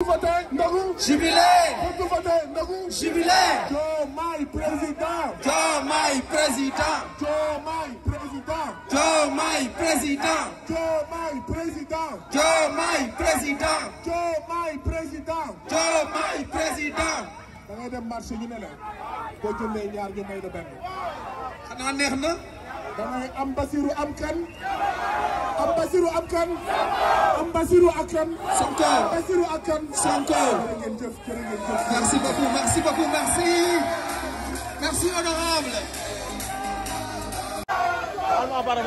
Jubilé. Jubilé. Jomai président. président. président. président. président. président. président. président. am Basirou Akram. am Basirou Akram. Sonko am Basirou Akram. merci beaucoup merci beaucoup merci. merci honorable. Alma Bara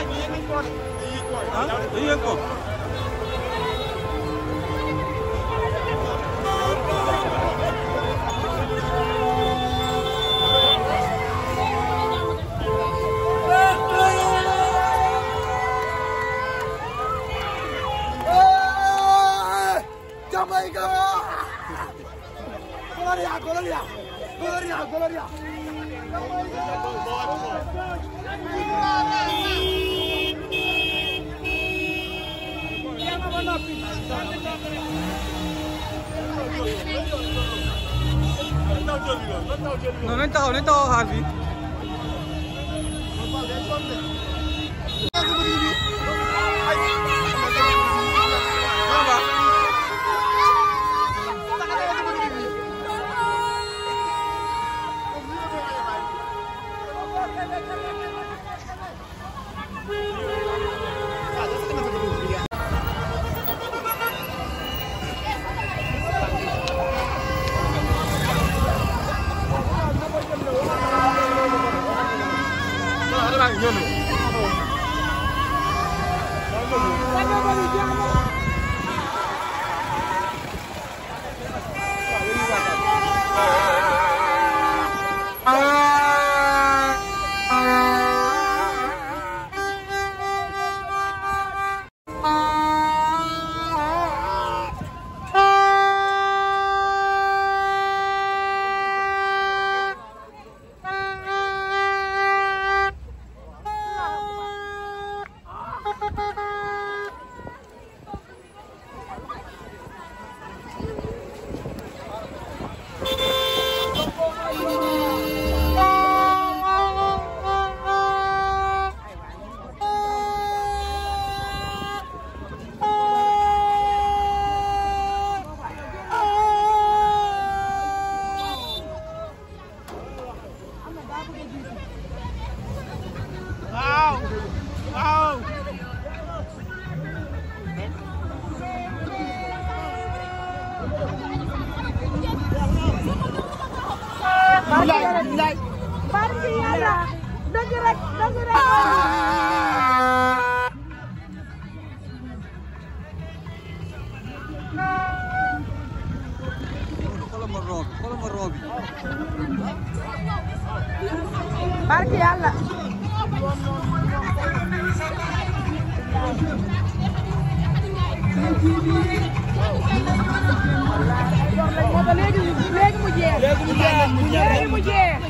Ian and ¿Y não no não entrado, não he entrado, Harvey. Thank you. léegi mu jeex léegi mu jeex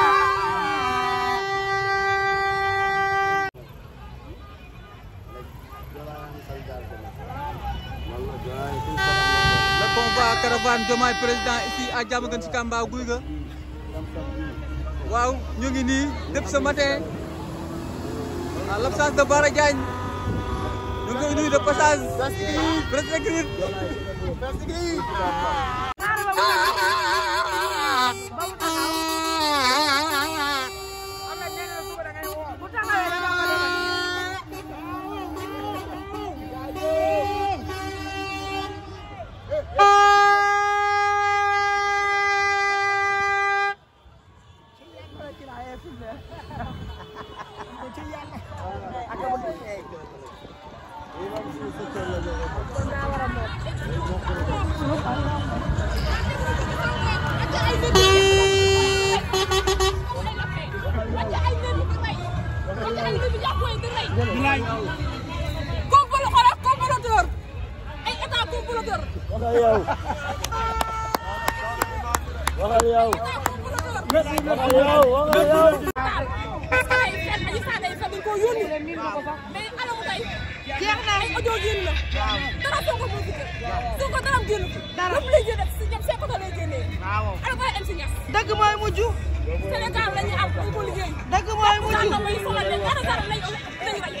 on va à caravane de maille président ici à Djamagan Sikamba au Gouiga. Waouh, nous sommes depuis ce matin à ah, l'absence de Baradjan. Nous sommes venus de passage. Merci. Merci. waxal yow waxal yow waxal yow. parce que ay fen ay saa day fen dañ koo yónni mais alamu tey jeex na ay audio génn na dara soo ko lay génne si ñoom seen lay génnee ala koy am si mooy mujj Sénégal la ñu am dañ mooy mujj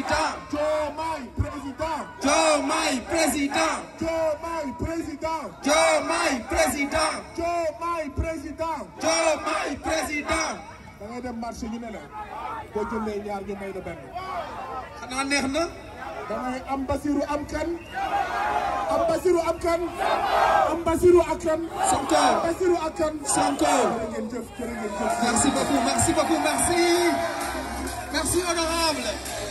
président. Jomai président. président. président. président. président. président. la ñu merci beaucoup merci beaucoup merci. Merci honorable.